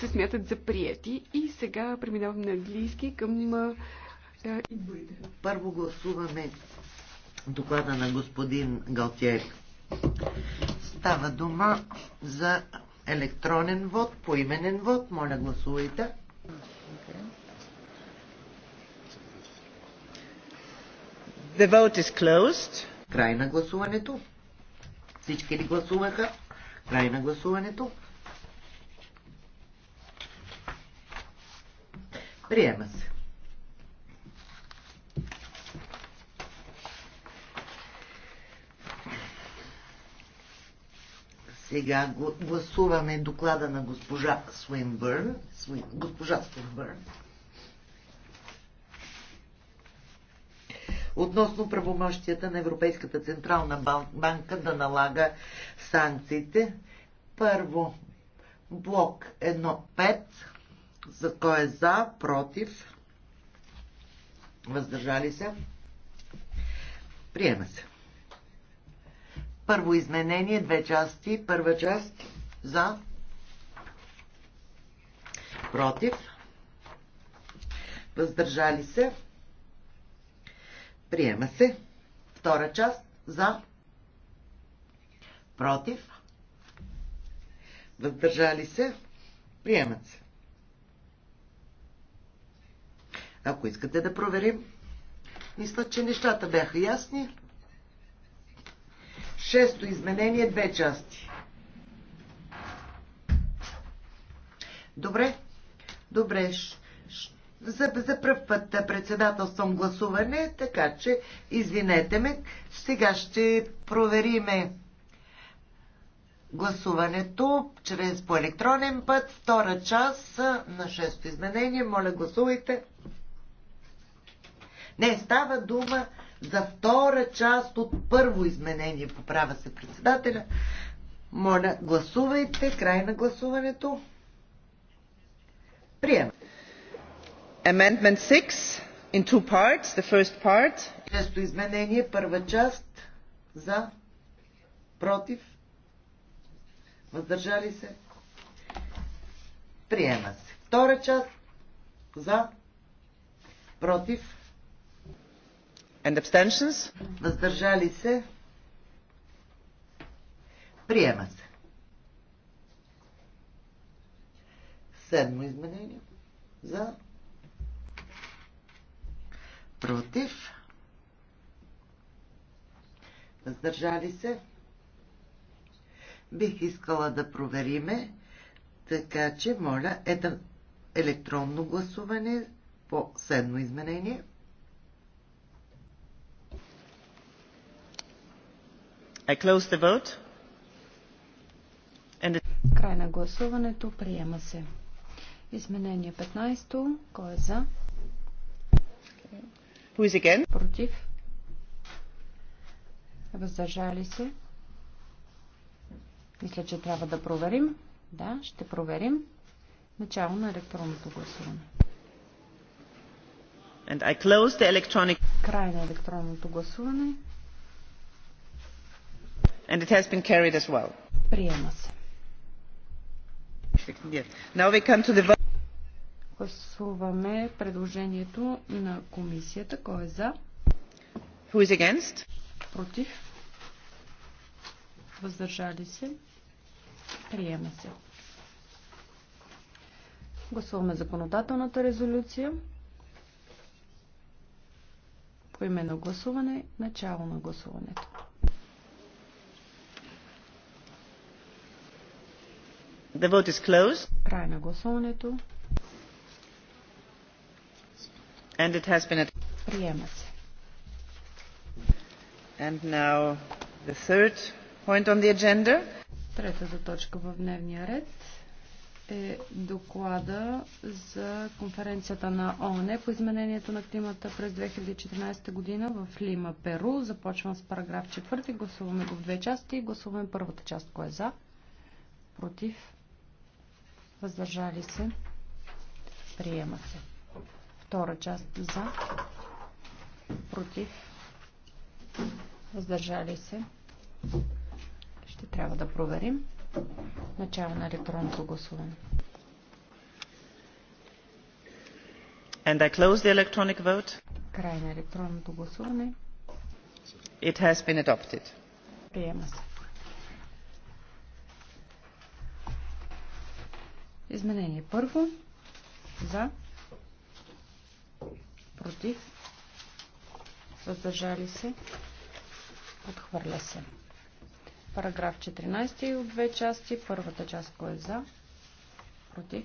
се смятат за прияти. И сега преминавам на английски към изборите. Първо гласуваме доклада на господин Галтиер. Става дума за електронен вод, поименен вод. Моля, гласувайте. The vote is closed. Край на гласуването. Всички ли гласуваха? Край на гласуването. Приема се. Сега гласуваме доклада на госпожа Суинбърн, госпожа Суинбърн. Относно правомощията на Европейската централна банка да налага санкциите. Първо, блок 1.5 за кой е за, против, въздържали се. Приема се. Първо изменение, две части. Първа част за, против, въздържали се. Приема се. Втора част за, против, въздържали се. Приемат се. Ако искате да проверим, мисля, че нещата бяха ясни. Шесто изменение, две части. Добре, добре. За, за пръв път председателствам гласуване, така че извинете ме. Сега ще провериме гласуването чрез по електронен път, втора част на шесто изменение. Моля, гласувайте. Не, става дума за втора част от първо изменение. Поправя се председателя. Моля, гласувайте. Край на гласуването. Приема. Amendment 6 in two parts. The first part. Шесто изменение, първа част. За. Против. Въздържали се. Приема се. Втора част. За. Против and abstentions. Въздържали се. Приема се. Седмо изменение. За. Против. Въздържали се. Бих искала да провериме, така че моля ето електронно гласуване по седмо изменение. I close the vote. And the... Край на гласуването. Приема се. Изменение 15. то Кой е за? Who is again? Против. Въздържали се. Мисля, че трябва да проверим. Да, ще проверим. Начало на електронното гласуване. And I close the electronic... Край на електронното гласуване and it has been carried as well. Приема се. Now we come to the Гласуваме предложението на комисията. Кой е за? Who is against? Против. Въздържали се. Приема се. Гласуваме законодателната резолюция. По Поименно гласуване. Начало на гласуването. The vote is closed. Край на гласуването. And it has been Приема се. And now the third point on the agenda. Третата точка в дневния ред е доклада за конференцията на ООН по изменението на климата през 2014 година в Лима, Перу. Започвам с параграф 4. Гласуваме го в две части. Гласуваме първата част. Кой е за? Против? въздържали се, приема се. Втора част за, против, въздържали се. Ще трябва да проверим. Начало на електронното гласуване. And I close the electronic vote. Край на електронното гласуване. It has been adopted. Приема се. Изменение първо. За. Против. Въздържали се. Отхвърля се. Параграф 14 от две части. Първата част кой е за? Против.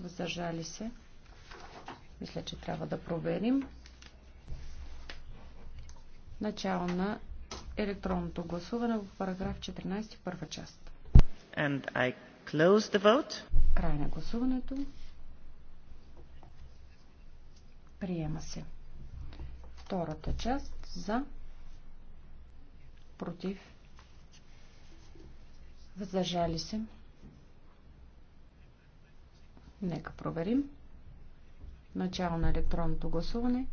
Въздържали се. Мисля, че трябва да проверим. Начало на електронното гласуване в параграф 14, първа част. And I Close the vote. Край на гласуването. Приема се. Втората част за против въздържали се. Нека проверим. Начало на електронното гласуване.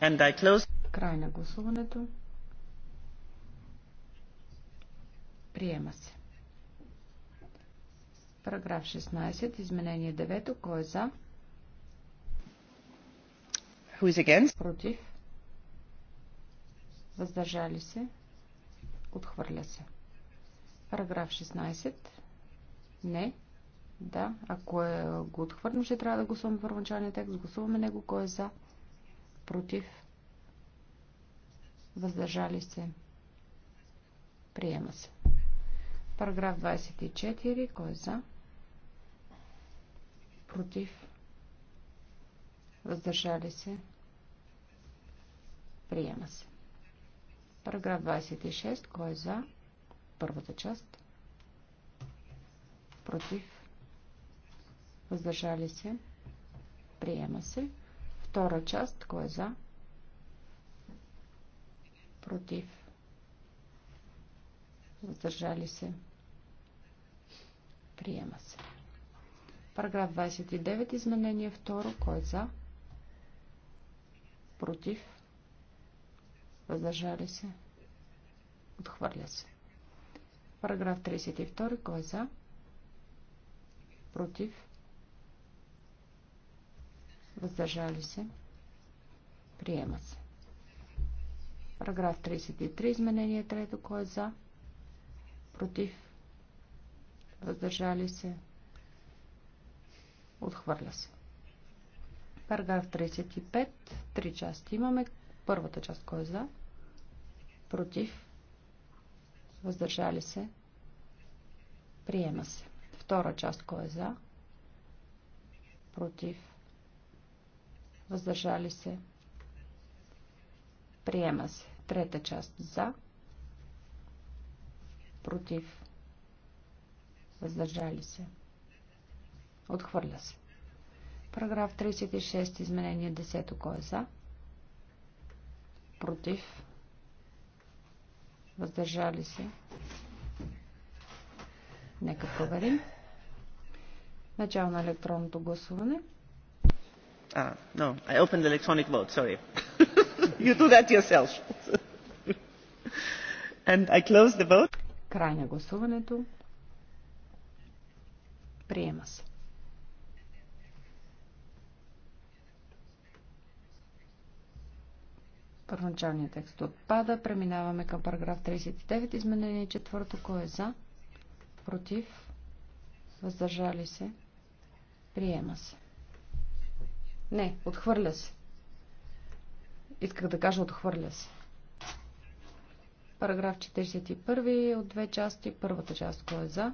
And I close. Край на гласуването. Приема се. Параграф 16. Изменение 9. Кой е за? Who is against? Против. Въздържали се. Отхвърля се. Параграф 16. Не. Да. Ако е, го отхвърлим, ще трябва да гласуваме първоначалния текст. Гласуваме него. Кой е за? Против. Въздържали се. Приема се. Параграф 24. Кой е за? Против. Въздържали се. Приема се. Параграф 26. Кой е за? Първата част. Против. Въздържали се. Приема се. Втора част. Кой е за? Против въздържали се, приема се. Параграф 29, изменение 2, кой е за, против, въздържали се, отхвърля се. Параграф 32, кой е за, против, въздържали се, приема се. Параграф 33, изменение 3, кой е за, против, против, въздържали се, отхвърля се. Параграф 35, три части имаме. Първата част кой е за? Против, въздържали се, приема се. Втора част кой е за? Против, въздържали се, приема се. Трета част за, против, въздържали се, отхвърля се. Параграф 36, изменение 10, кой е за, против, въздържали се. Нека проверим. Начало на електронното гласуване. А, no, I opened the electronic vote, sorry. you do that yourself. And I close the vote. Край на гласуването. Приема се. Първоначалният текст отпада. Преминаваме към параграф 39. Изменение четвърто. Кой е за? Против? Въздържали се? Приема се. Не, отхвърля се. Исках да кажа отхвърля се. Параграф 41 от две части. Първата част, кой е за?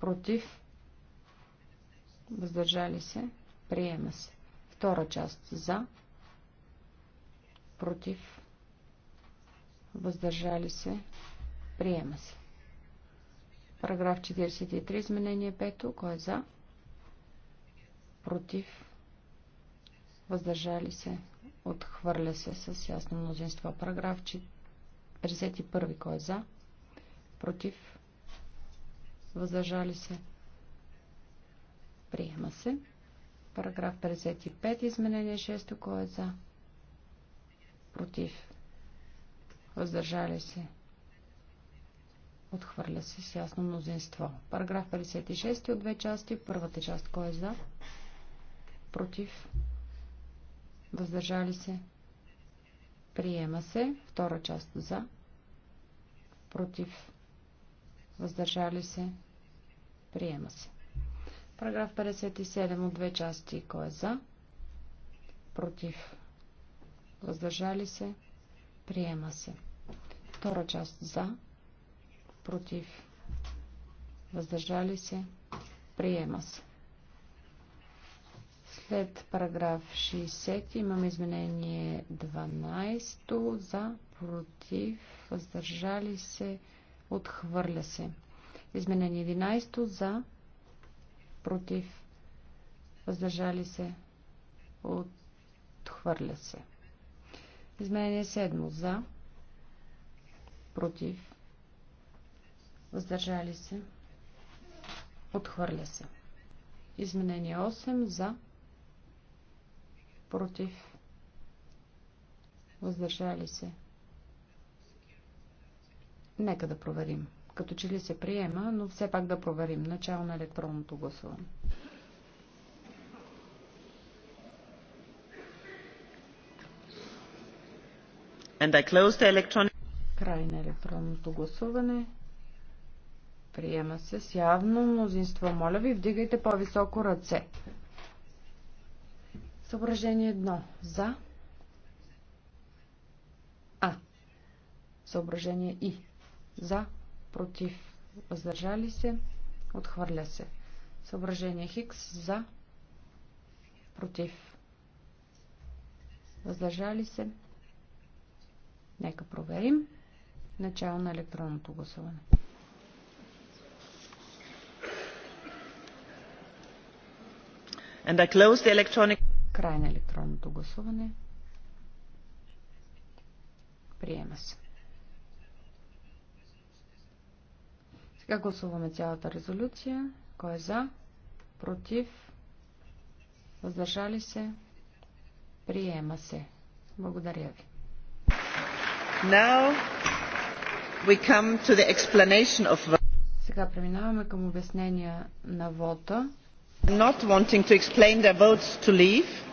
Против? Въздържали се? Приема се. Втора част, за? Против? Въздържали се? Приема се. Параграф 43, изменение 5. Кой е за? Против? Въздържали се? Отхвърля се с ясно мнозинство. Параграф 51. Кой е за? Против? Въздържали се? Приема се. Параграф 55. Изменение 6. Кой е за? Против? Въздържали се? Отхвърля се с ясно мнозинство. Параграф 56 от две части. Първата част кой е за? Против? Въздържали се. Приема се. Втора част за. Против. Въздържали се. Приема се. Параграф 57 от две части. Кой е за? Против. Въздържали се. Приема се. Втора част за. Против. Въздържали се. Приема се. След параграф 60 имаме изменение 12 за, против, въздържали се, отхвърля се. Изменение 11 за, против, въздържали се, отхвърля се. Изменение 7 за, против, въздържали се, отхвърля се. Изменение 8 за, против, против, въздържали се. Нека да проверим. Като че ли се приема, но все пак да проверим начало на електронното гласуване. And I close the electronic... Край на електронното гласуване. Приема се с явно мнозинство. Моля ви, вдигайте по-високо ръце. Съображение 1. За. А. Съображение И. За. Против. Въздържали се. Отхвърля се. Съображение Хикс. За. Против. Въздържали се. Нека проверим. Начало на електронното гласуване. And I close the electronic Край на електронното гласуване. Приема се. Сега гласуваме цялата резолюция. Кой е за? Против? Въздържали се? Приема се. Благодаря ви. Now we come to the explanation of... Сега преминаваме към обяснения на вота. Not wanting to explain their votes to leave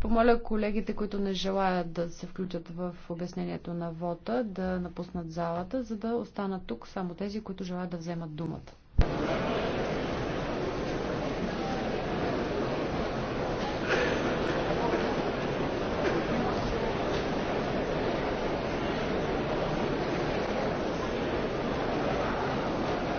помоля колегите, които не желаят да се включат в обяснението на вота, да напуснат залата, за да останат тук само тези, които желаят да вземат думата.